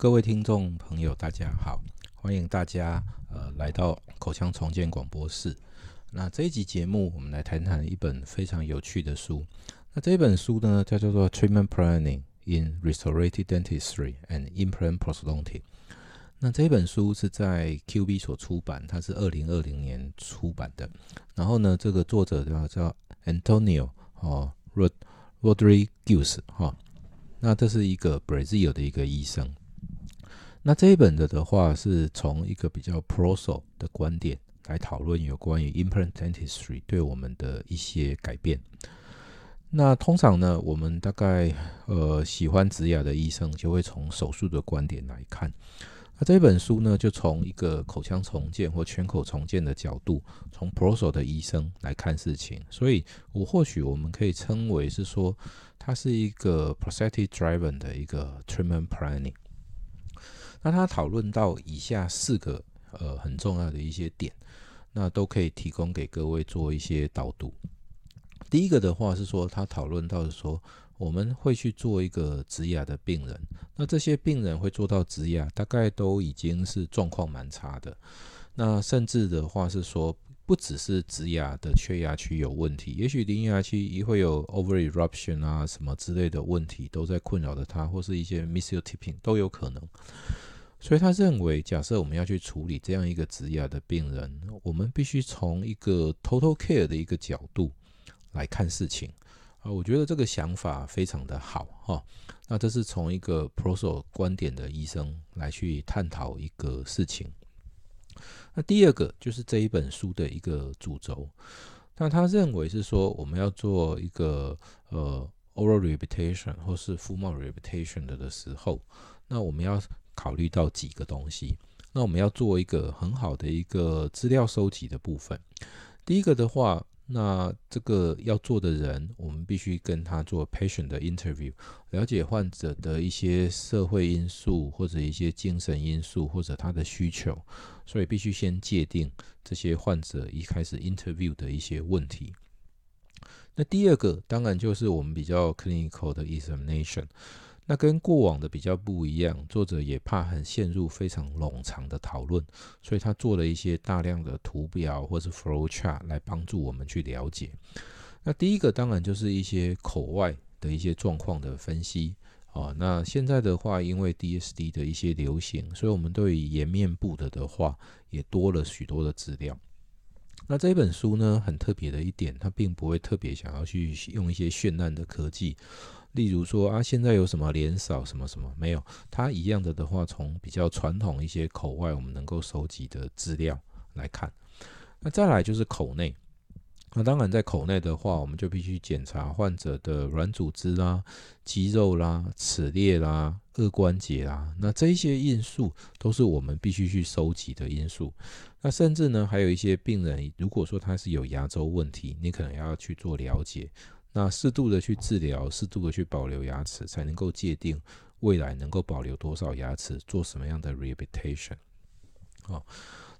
各位聽眾朋友，大家好，歡迎大家呃來到口腔重建廣播室。那這一集節目，我們來談談一本非常有趣的書。那這本書呢，它叫做《Treatment Planning in Restorative Dentistry and Implant Prosthodontics》。那這本書是在 QB 所出版，它是二零二零年出版的。然後呢，這個作者的話叫 Antonio 哦 Rod Rodrigues 哈。那這是一個 Brazil 的一個醫生。那這一本的的話，是從一個比較 prostho 的觀點來討論有關於 implant dentistry 對我們的一些改變。那通常呢，我們大概呃喜歡植牙的醫生就會從手術的觀點來看。那這本書呢，就從一個口腔重建或全口重建的角度，從 prostho 的醫生來看事情。所以，我或許我們可以稱為是說，它是一個 prosthetic driven 的一個 treatment planning。那他討論到以下四個呃很重要的一些點，那都可以提供給各位做一些導讀。第一個的話是說，他討論到說我們會去做一個植牙的病人，那這些病人會做到植牙，大概都已經是狀況蠻差的，那甚至的話是說。不只是植牙的缺牙區有問題，也許鄰牙區也會有 over eruption 啊，什麼之類的問題都在困擾着他，或是一些 mesial tipping 都有可能。所以他認為，假設我們要去處理這樣一個植牙的病人，我們必須從一個 total care 的一個角度來看事情啊。我覺得這個想法非常的好哈。那這是從一個 prostho 觀點的醫生來去探討一個事情。那第二個就是這一本書的一個主軸，那他認為是說我們要做一個呃 oral rehabilitation 或是 full mouth rehabilitation 的的時候，那我們要考慮到幾個東西，那我們要做一個很好的一個資料收集的部分，第一個的話。那這個要做的人，我們必須跟他做 patient 的 interview，了解患者的一些社會因素或者一些精神因素或者他的需求，所以必須先界定這些患者一開始 interview 的一些問題。那第二個，當然就是我們比較 clinical 的 examination。那跟過往的比較不一樣，作者也怕很陷入非常冗長的討論，所以他做了一些大量的圖表或是 flow chart 來幫助我們去了解。那第一個當然就是一些口外的一些狀況的分析哦，啊，那現在的話，因為 DSD 的一些流行，所以我們對於顏面部的的話也多了許多的資料。那這本書呢，很特別的一點，它並不會特別想要去用一些絢爛的科技。例如說啊，現在有什麼年少什麼什麼沒有？它一樣的的話，從比較傳統一些口外我們能夠收集的資料來看，那再來就是口內。那當然在口內的話，我們就必須檢查患者的軟組織啦、肌肉啦、齒列啦、顎關節啦，那這些因素都是我們必須去收集的因素。那甚至呢，還有一些病人，如果說他是有牙周問題，你可能要去做了解。那適度的去治療，適度的去保留牙齒，才能夠界定未來能夠保留多少牙齒，做什麼樣的 rehabilitation。好，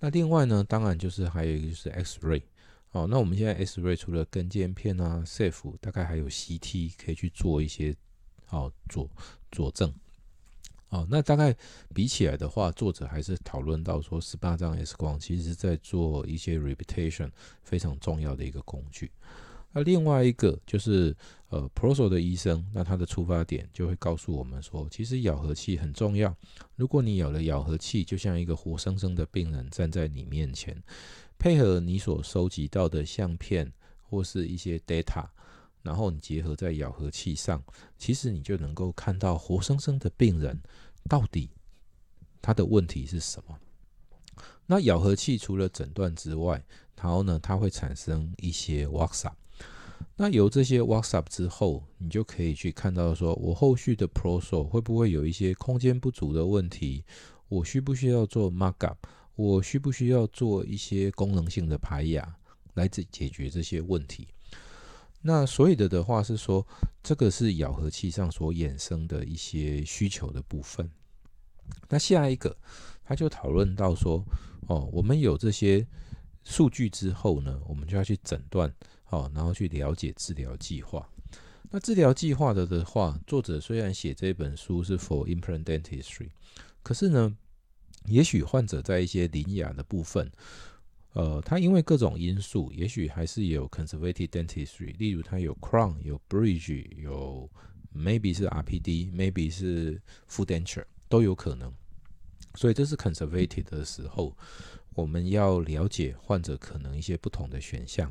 那另外呢，當然就是還有一個就是 X ray。好，那我們現在 X ray 除了根尖片啊，Ceph，大概還有 C T 可以去做一些，哦，佐佐證。好，那大概比起來的話，作者還是討論到說，十八張 X 光其實在做一些 rehabilitation 非常重要的一個工具。那另外一個就是呃，prostho 的醫生，那他的出發點就會告訴我們說，其實咬合器很重要。如果你有了咬合器，就像一個活生生的病人站在你面前，配合你所收集到的相片或是一些 data，然後你結合在咬合器上，其實你就能夠看到活生生的病人到底他的問題是什麼。那咬合器除了診斷之外，然後呢，它會產生一些 wax up 那有這些 wax up 之後，你就可以去看到，說我後續的 proshow 會不會有一些空間不足的問題？我需不需要做 mock up？我需不需要做一些功能性的排牙來解解決這些問題？那所以的的話是說，這個是咬合器上所衍生的一些需求的部分。那下一個，他就討論到說，哦，我們有這些數據之後呢，我們就要去診斷。好，然後去了解治療計劃。那治療計劃的的話，作者雖然寫這本書是 for implant dentistry，可是呢，也許患者在一些鄰牙的部分，呃，他因為各種因素，也許還是有 conservative dentistry，例如他有 crown，有 bridge，有是 RPD, maybe 是 RPD，maybe 是 full denture，都有可能。所以這是 conservative 的時候，我們要了解患者可能一些不同的選項。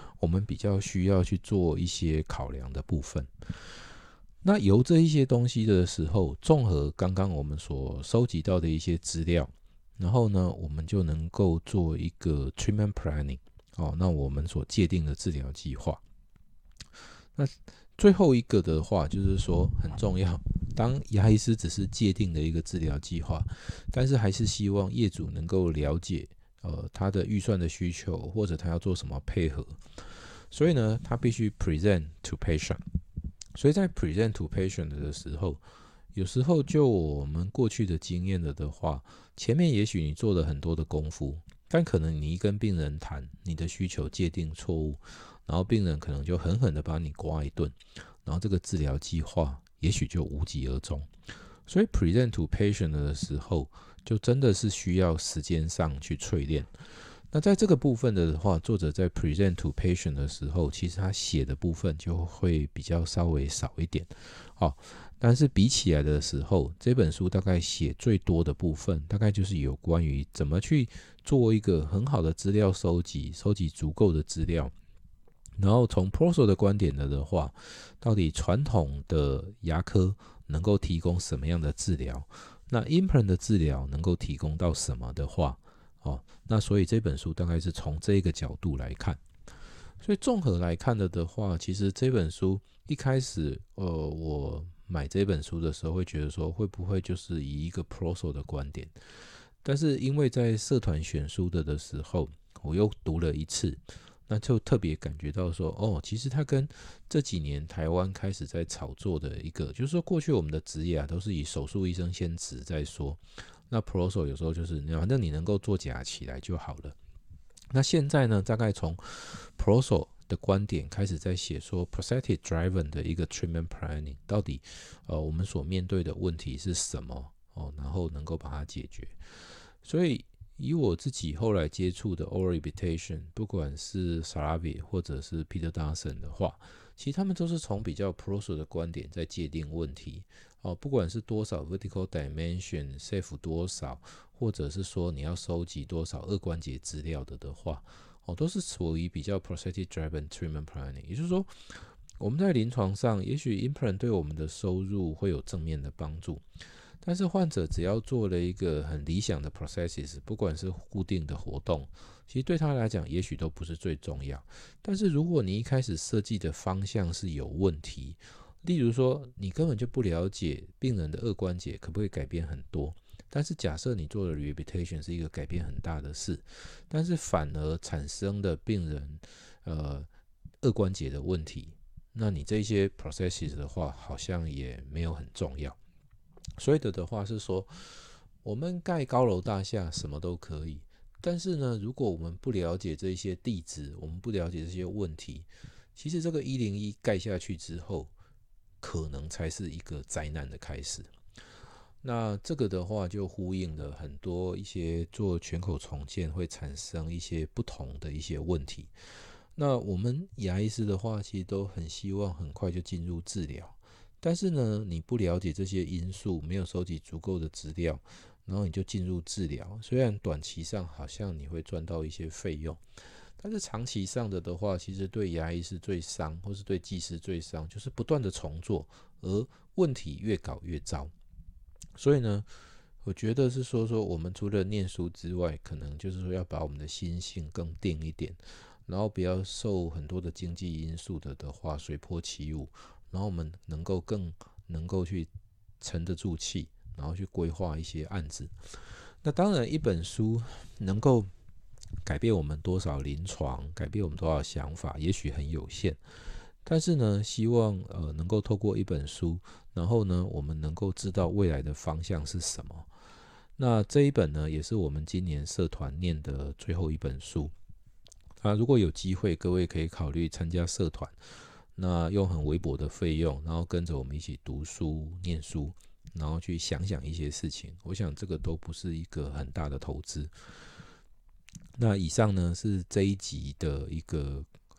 我們比較需要去做一些考量的部分。那由這一些東西的時候，綜合剛剛我們所收集到的一些資料，然後呢，我們就能夠做一個 Treatment Planning，哦，那我們所界定的治療計劃。那最後一個的話，就是說很重要，當牙醫師只是界定的一個治療計劃，但是還是希望業主能夠了解，呃，他的預算的需求，或者他要做什麼配合。所以呢，他必須 present to patient。所以，在 present to patient 的時候，有時候就我們過去的經驗了的話，前面也許你做了很多的功夫，但可能你一跟病人談，你的需求界定錯誤，然後病人可能就狠狠地把你刮一頓，然後這個治療計劃也許就無疾而終。所以，present to patient 的時候，就真的是需要時間上去淬煉。那在這個部分的話，作者在 present to patient 的時候，其實他寫的部分就會比較稍微少一點。好、哦，但是比起來的時候，這本書大概寫最多的部分，大概就是有關於怎麼去做一個很好的資料收集，收集足夠的資料。然後從 prostho 的觀點的的話，到底傳統的牙科能夠提供什麼樣的治療，那 implant 的治療能夠提供到什麼的話。哦，那所以這本書大概是從這個角度來看，所以綜合來看的的話，其實這本書一開始，呃，我買這本書的時候會覺得說會不會就是以一個 prostho 的觀點，但是因為在社團選書的的時候，我又讀了一次，那就特別感覺到說，哦，其實它跟這幾年台灣開始在炒作的一個，就是說過去我們的職業啊，都是以手術醫生先植再說。那 proso 有時候就是，反正你能夠做假起來就好了。那現在呢，大概從 proso 的觀點開始在寫說 prosthetic driven 的一個 treatment planning，到底呃我們所面對的問題是什麼哦，然後能夠把它解決。所以以我自己後來接觸的 oral rehabilitation，不管是 Saravi 或者是 Peter Dawson 的話。其實他們都是從比較 prospective 的觀點在界定問題哦，不管是多少 vertical dimension safe 多少，或者是說你要收集多少二關節資料的的話，哦，都是屬於比較 prospective driven treatment planning。也就是說，我們在臨床上，也許 implant 對我們的收入會有正面的幫助。但是患者只要做了一個很理想的 processes，不管是固定的活動，其實對他來講也許都不是最重要。但是如果你一開始設計的方向是有問題，例如說你根本就不了解病人的顎關節可不可以改變很多，但是假設你做的 rehabilitation 是一個改變很大的事，但是反而產生的病人呃顎關節的問題，那你這些 processes 的話好像也沒有很重要。所以的的話是說，我們蓋高樓大廈什麼都可以，但是呢，如果我們不了解這些地質，我們不了解這些問題，其實這個一零一蓋下去之後，可能才是一個災難的開始。那這個的話就呼應了很多一些做全口重建會產生一些不同的一些問題。那我們牙醫師的話，其實都很希望很快就進入治療。但是呢，你不了解這些因素，沒有收集足夠的資料，然後你就進入治療。雖然短期上好像你會賺到一些費用，但是長期上的的話，其實對牙醫是最傷，或是對技師最傷，就是不斷的重做，而問題越搞越糟。所以呢，我覺得是說說我們除了念書之外，可能就是說要把我們的心性更定一點，然後不要受很多的經濟因素的的話，隨波起舞。然後我們能夠更能夠去沉得住氣，然後去規劃一些案子。那當然，一本書能夠改變我們多少臨床，改變我們多少想法，也許很有限。但是呢，希望呃能夠透過一本書，然後呢，我們能夠知道未來的方向是什麼。那這一本呢，也是我們今年社團念的最後一本書。啊，如果有機會，各位可以考慮參加社團。那用很微薄的費用，然後跟着我們一起讀書、念書，然後去想想一些事情。我想這個都不是一個很大的投資。那以上呢，是這一集的一個。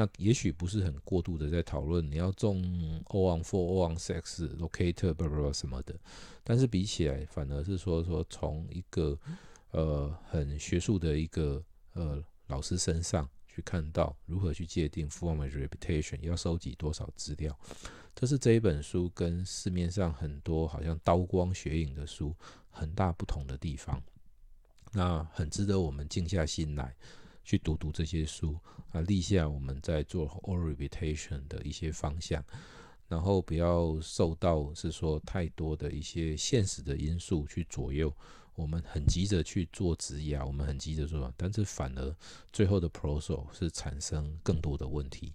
那也許不是很過度的在討論，你要種 all on four, all on six locator bar bar 什麼的，但是比起來反而是說說從一個呃很學術的一個呃老師身上去看到如何去界定 former reputation 要收集多少資料，這是這一本書跟市面上很多好像刀光血影的書很大不同的地方，那很值得我們靜下心來。去讀讀這些書啊，立下我們在做 oral rehabilitation 的一些方向，然後不要受到是說太多的一些現實的因素去左右。我們很急着去做植牙，我們很急着做，但是反而最後的 proposal 是產生更多的問題。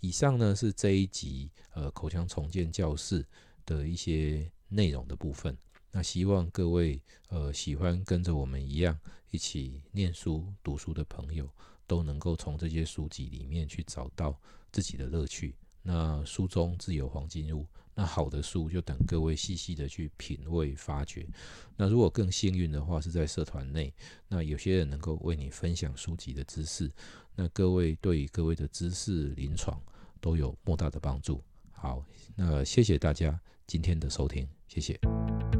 以上呢是這一集呃口腔重建教室的一些內容的部分。那希望各位，呃，喜歡跟着我們一樣一起念書、讀書的朋友，都能夠從這些書籍裡面去找到自己的樂趣。那書中自有黃金屋，那好的書就等各位細細的去品味、發掘。那如果更幸運的話，是在社團內，那有些人能夠為你分享書籍的知識，那各位對各位的知識臨床都有莫大的幫助。好，那謝謝大家今天的收聽，謝謝。